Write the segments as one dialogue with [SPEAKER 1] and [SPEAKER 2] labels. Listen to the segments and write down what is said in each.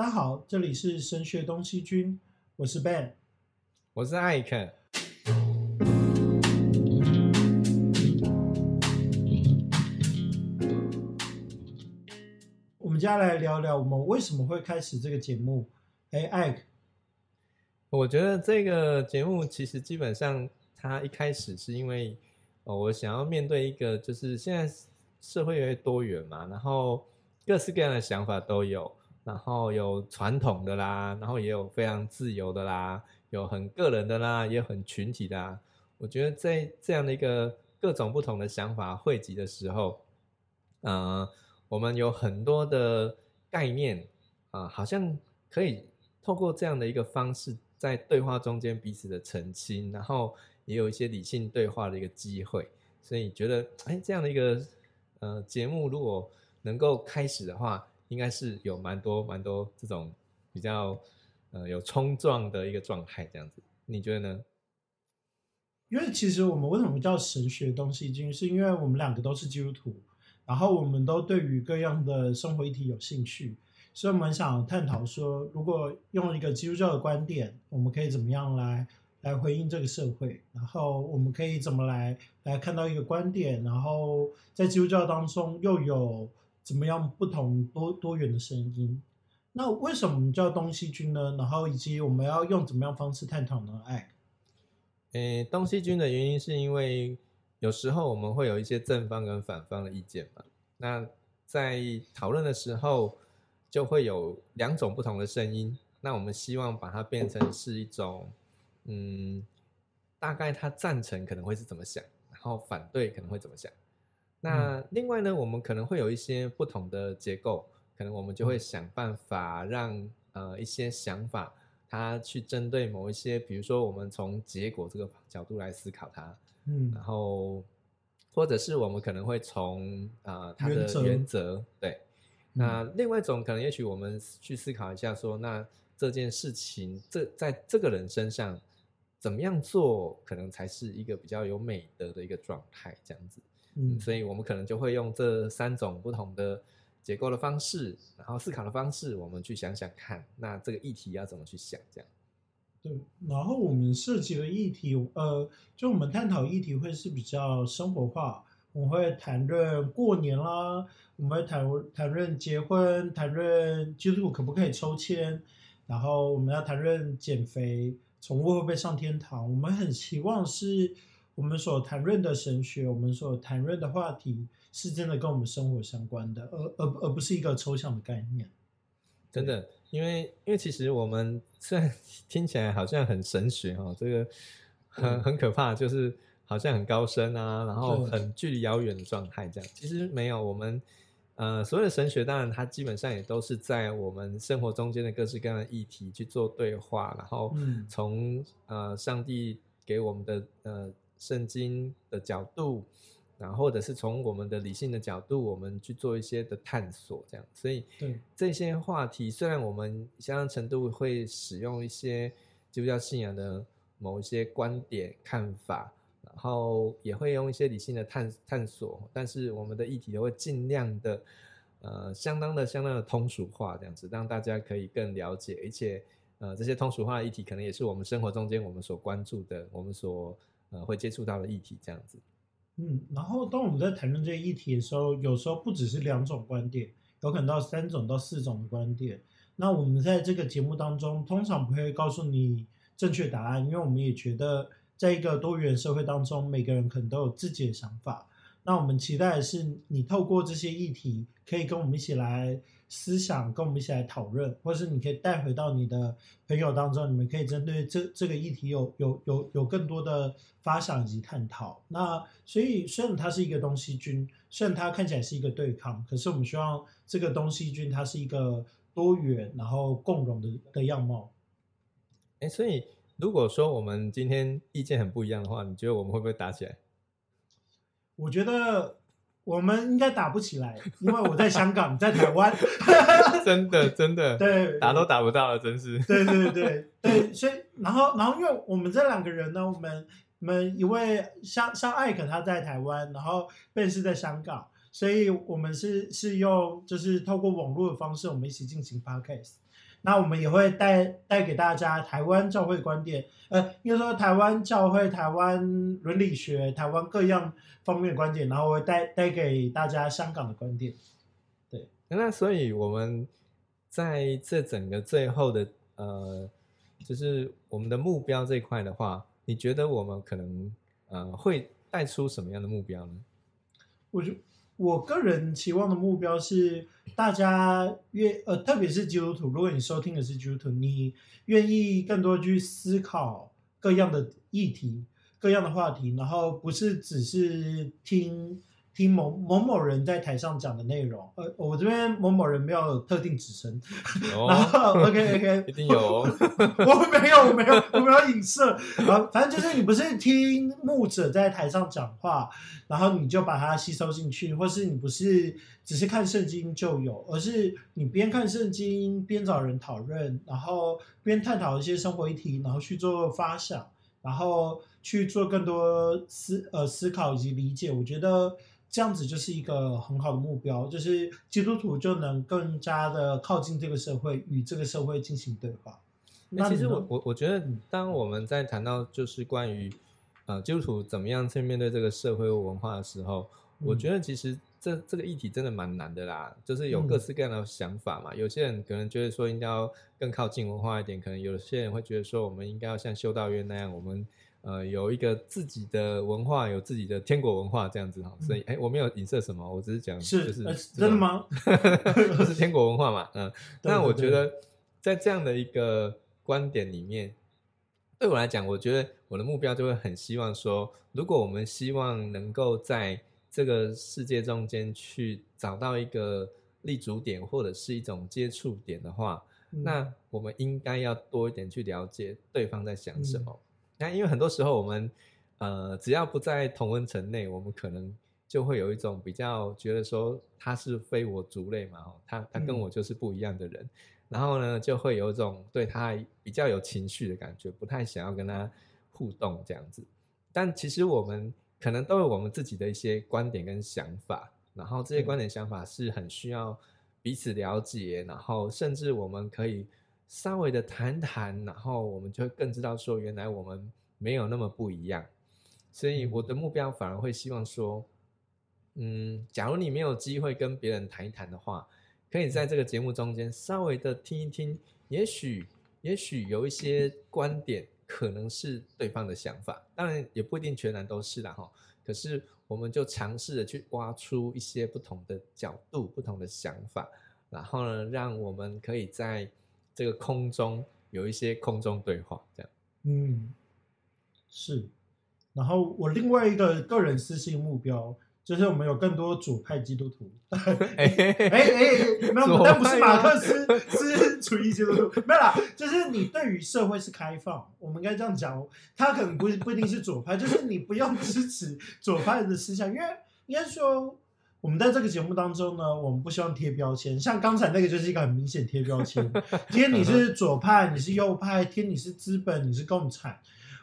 [SPEAKER 1] 大家好，這裡是神學東西軍，我是 Ben，
[SPEAKER 2] 我是艾肯。
[SPEAKER 1] 我們接下來聊聊我們為什麼會開始這個節目。哎，艾克，
[SPEAKER 2] 我覺得這個節目其實基本上，它一開始是因為、哦、我想要面對一個就是現在社會越來越多元嘛，然後各式各樣的想法都有。然後有傳統的啦，然後也有非常自由的啦，有很個人的啦，也有很群體的啦。我覺得在這樣的一個各種不同的想法匯集的時候，呃，我們有很多的概念啊，呃，好像可以透過這樣的一個方式，在對話中間彼此的澄清，然後也有一些理性對話的一個機會。所以覺得，哎，這樣的一個呃節目，如果能夠開始的話應該是有蠻多蠻多這種比較呃有衝撞的一個狀態，這樣子，你覺得呢？
[SPEAKER 1] 因為其實我們為什麼叫神學東西軍是因為我們兩個都是基督徒，然後我們都對於各樣的生活議題有興趣，所以我們想探討說，如果用一個基督教的觀點，我們可以怎麼樣來來回應這個社會？然後我們可以怎麼來來看到一個觀點？然後在基督教當中又有。怎麼樣不同多多元的聲音？那為什麼我們叫東西軍呢？然後以及我們要用怎麼樣方式探討呢？哎，
[SPEAKER 2] 東西軍的原因是因為有時候我們會有一些正方跟反方的意見嘛。那在討論的時候就會有兩種不同的聲音。那我們希望把它變成是一種，嗯，大概他贊成可能會是怎麼想，然後反對可能會怎麼想。那另外呢、嗯，我們可能會有一些不同的結構，可能我們就會想辦法讓、嗯、呃一些想法，它去針對某一些，比如說我們從結果這個角度來思考它，嗯，然後或者是我們可能會從啊它的原則，對、嗯，那另外一種可能，也許我們去思考一下說，說那這件事情，這在這個人身上怎麼樣做，可能才是一個比較有美德的一個狀態，這樣子。嗯，所以我們可能就會用這三種不同的結構的方式，然後思考的方式，我們去想想看，那這個議題要怎麼去想？這樣。
[SPEAKER 1] 對，然後我們涉及的議題，呃，就我們探討議題會是比較生活化，我們會談論過年啦，我們會談談論結婚，談論基督徒可不可以抽籤，然後我們要談論減肥，寵物會不會上天堂？我們很期望是。我們所談論的神學，我們所談論的話題，是真的跟我們生活相關的，而而而不是一個抽象的概念。
[SPEAKER 2] 真的，因為因為其實我們雖然聽起來好像很神學哦，這個很很可怕，就是好像很高深啊、嗯，然後很距離遙遠的狀態這樣。其實沒有，我們呃所有的神學，當然它基本上也都是在我們生活中間的各式各樣的議題去做對話，然後從、嗯、呃上帝給我們的呃。聖經的角度，然後或者是從我們的理性的角度，我們去做一些的探索，這樣。所以，對這些話題，雖然我們相當程度會使用一些基督教信仰的某一些觀點、看法，然後也會用一些理性的探探索，但是我們的議題都會盡量的，呃，相當的、相當的通俗化，這樣子，讓大家可以更了解。而且，呃，這些通俗化的議題，可能也是我們生活中間我們所關注的，我們所。呃，會接觸到的議題這樣子。
[SPEAKER 1] 嗯，然後當我們在談論這些議題的時候，有時候不只是兩種觀點，有可能到三種到四種的觀點。那我們在這個節目當中，通常不會告訴你正確答案，因為我們也覺得，在一個多元社會當中，每個人可能都有自己的想法。那我們期待的是，你透過這些議題，可以跟我們一起來。思想跟我們一起來討論，或者是你可以帶回到你的朋友當中，你們可以針對這這個議題有有有有更多的發想以及探討。那所以雖然它是一個東西軍，雖然它看起來是一個對抗，可是我們希望這個東西軍它是一個多元然後共融的的樣貌。
[SPEAKER 2] 哎、欸，所以如果說我們今天意見很不一樣的話，你覺得我們會不會打起來？
[SPEAKER 1] 我覺得。我們應該打不起來，因為我在香港， 你在台灣，
[SPEAKER 2] 真的真的，對，打都打不到了，真是。 對對對對，
[SPEAKER 1] 對，所以然後然後，然後因為我們這兩個人呢，我們我們一位像像艾可他在台灣，然後貝斯在香港，所以我們是是用就是透過網絡的方式，我們一起進行 podcast。那我們也會帶帶給大家台灣教會觀點，呃，應該說台灣教會、台灣倫理學、台灣各樣方面的觀點，然後會帶帶給大家香港的觀點。
[SPEAKER 2] 對。嗯，那所以我們在這整個最後的呃，就是我們的目標這一塊的話，你覺得我們可能呃會帶出什麼樣的目標呢？
[SPEAKER 1] 我就我個人期望的目標是，大家願呃，特別是基督徒，如果你收聽的是基督徒，你願意更多去思考各樣的議題、各樣的話題，然後不是只是聽。聽某，某某人在台上講的內容，呃，我這邊某某人沒有特定指稱，oh. 然後 OK OK，一定有，哦我，我沒有我沒有我沒有影射。啊， 反正就是你不是聽牧者在台上講話，然後你就把它吸收進去，或是你不是只是看聖經就有，而是你邊看聖經邊找人討論，然後邊探討一些生活議題，然後去做發想，然後去做更多思呃思考以及理解，我覺得。這樣子就是一個很好的目標，就是基督徒就能更加的靠近這個社會，與這個社會進行對話。那其實我、欸、其實
[SPEAKER 2] 我我覺得，當我們在談到就是關於，呃，基督徒怎麼樣去面對這個社會文化的時候，嗯、我覺得其實。這這個議題真的蠻難的啦，就是有各式各樣的想法嘛、嗯。有些人可能覺得說應該要更靠近文化一點，可能有些人會覺得說我們應該要像修道院那樣，我們呃有一個自己的文化，有自己的天國文化這樣子哈。所以，哎、嗯，我沒有影射什麼，我只是講、就是，是、是，真的嗎？ 就是天國文化嘛，嗯、呃。 那我覺得，在這樣的一個觀點裡面，對我來講，我覺得我的目標就會很希望說，如果我們希望能夠在這個世界中間去找到一個立足點或者是一種接觸點的話，嗯、那我們應該要多一點去了解對方在想什麼。那、嗯、因為很多時候我們，呃，只要不在同溫層內，我們可能就會有一種比較覺得說他是非我族類嘛，哦、他他跟我就是不一樣的人，嗯、然後呢就會有一種對他比較有情緒的感覺，不太想要跟他互動這樣子。但其實我們。可能都有我們自己的一些觀點跟想法，然後這些觀點想法是很需要彼此了解，然後甚至我們可以稍微的談談，然後我們就會更知道說原來我們沒有那麼不一樣。所以我的目標反而會希望說，嗯，假如你沒有機會跟別人談一談的話，可以在這個節目中間稍微的聽一聽，也許也許有一些觀點。可能是對方的想法，當然也不一定全然都是啦哈。可是我們就嘗試着去挖出一些不同的角度、不同的想法，然後呢，讓我們可以在這個空中有一些空中對話，這樣。
[SPEAKER 1] 嗯，是。然後我另外一個個人私信目標。就是我們有更多左派基督徒，哎哎哎，沒有，但不是馬克思是是主義基督徒，沒有啦。就是你對於社會是開放，我們應該這樣講。他可能不不一定是左派，就是你不用支持左派的思想，因為應該說，我們在這個節目當中呢，我們不希望貼標籤。像剛才那個就是一個很明顯貼標籤，今天你是左派，你是右派，貼你是資本，你是共產。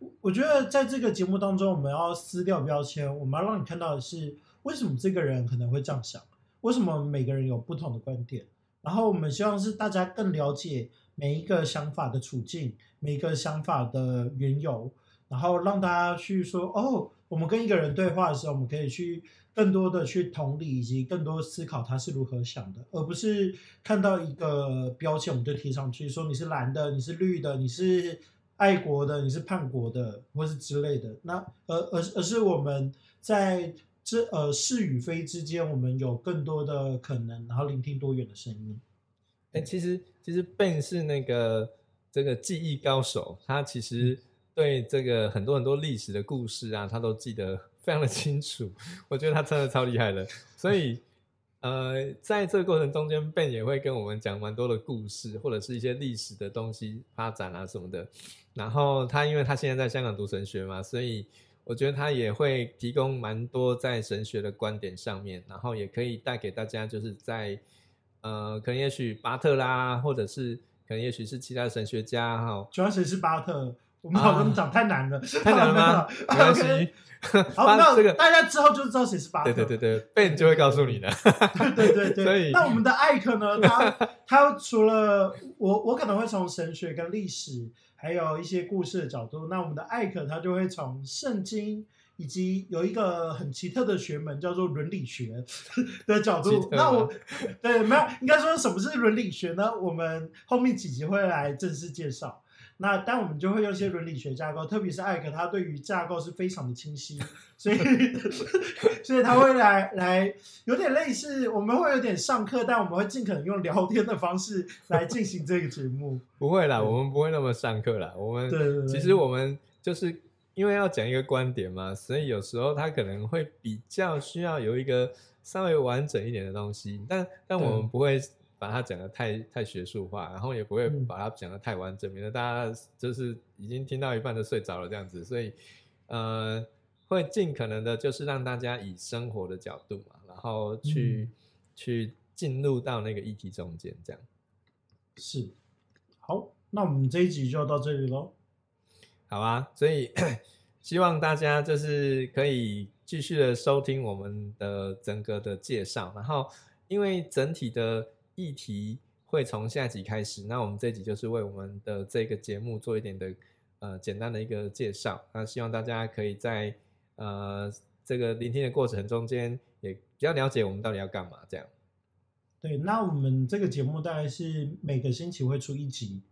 [SPEAKER 1] 我我覺得在這個節目當中，我們要撕掉標籤，我們要讓你看到的是。為什麼這個人可能會這樣想？為什麼每個人有不同的觀點？然後我們希望是大家更了解每一個想法的處境，每一個想法的緣由，然後讓大家去說：“哦，我們跟一個人對話的時候，我們可以去更多的去同理，以及更多思考他是如何想的，而不是看到一個標籤我們就貼上去說你是藍的，你是綠的，你是愛國的，你是叛國的，或是之類的。那而而而是我們在。是呃，是與非之間，我們有更多的可能，然後聆聽多元的聲音。哎、欸，其實其實 Ben
[SPEAKER 2] 是那個這個記憶高手，他其實對這個很多很多歷史的故事啊，他都記得非常的清楚。我覺得他真的超厲害的。所以 呃，在這個過程中間，Ben 也會跟我們講蠻多的故事，或者是一些歷史的東西發展啊什麼的。然後他因為他現在在香港讀神學嘛，所以。我覺得他也會提供蠻多在神學的觀點上面，然後也可以帶給大家，就是在呃，可能也許巴特啦，或者是可能也許是其他神學家哈。
[SPEAKER 1] 主要誰是巴特？啊、我們好像講太難了、啊，太難了嗎？啊、沒關係，
[SPEAKER 2] 八、okay. 啊、這個
[SPEAKER 1] 大家之後就知道誰是八對
[SPEAKER 2] 對對對 Ben 就會告
[SPEAKER 1] 訴你的。 對對對,對，那我們的艾克呢？他 他除了我，我可能會從神學跟歷史，還有一些故事的角度。那我們的艾克，他就會從聖經以及有一個很奇特的學門叫做倫理學的角度。那我對，沒 有應該說什麼是倫理學呢？我們後面幾集會來正式介紹。那但我們就會用一些倫理學架構，嗯、特別是艾克，他對於架構是非常的清晰，所以 所以他會來來有點類似，我們會有點上課，但我們會盡可能用聊天的方式來進行這個節目。
[SPEAKER 2] 不會啦，我們不會那麼上課啦，我們對,對,對,對，其實我們就是因為要講一個觀點嘛，所以有時候他可能會比較需要有一個稍微完整一點的東西，但但我們不會。把它講的太太學術化，然後也不會把它講的太完整，嗯，免得大家就是已經聽到一半就睡着了這樣子。所以，呃，會盡可能的，就是讓大家以生活的角度嘛，然後去、嗯、去進入到那個議題中間，這樣。是。
[SPEAKER 1] 好，那我們這一集就到這裡嘍。
[SPEAKER 2] 好啊，所以 希望大家就是可以繼續的收聽我們的整個的介紹，然後因為整體的。議題會從下集開始，那我們這集就是為我們的這個節目做一點的呃簡單的一個介紹。那希望大家可以在呃這個聆聽的過程中間也比較了解我們到底要幹嘛這樣。
[SPEAKER 1] 對，那我們這個節目大概是每個星期會出一集，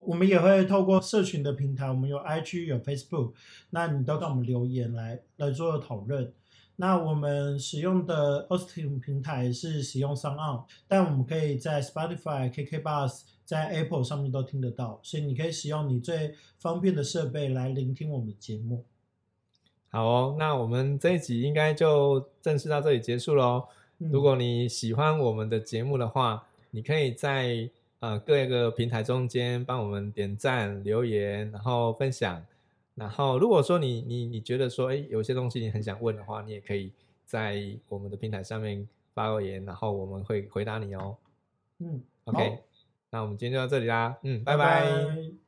[SPEAKER 1] 我們也會透過社群的平台，我們有 IG 有 Facebook，那你都跟我們留言來來做討論。那我們使用的 hosting 平台是使用 SoundOn 但我們可以在 Spotify、KKBOX 在 Apple 上面都聽得到，所以你可以使用你最方便的設備來聆聽我們的節目。
[SPEAKER 2] 好哦，那我們這一集應該就正式到這裡結束嘍。如果你喜歡我們的節目的話，嗯、你可以在呃各一個平台中間幫我們點讚、留言，然後分享。然後，如果說你你你覺得說，誒，有些東西你很想問的話，你也可以在我們的平台上面發個言，然後我們會回答你哦。嗯
[SPEAKER 1] ，OK，好，那我們今天就到這裡啦。嗯，拜拜。拜拜。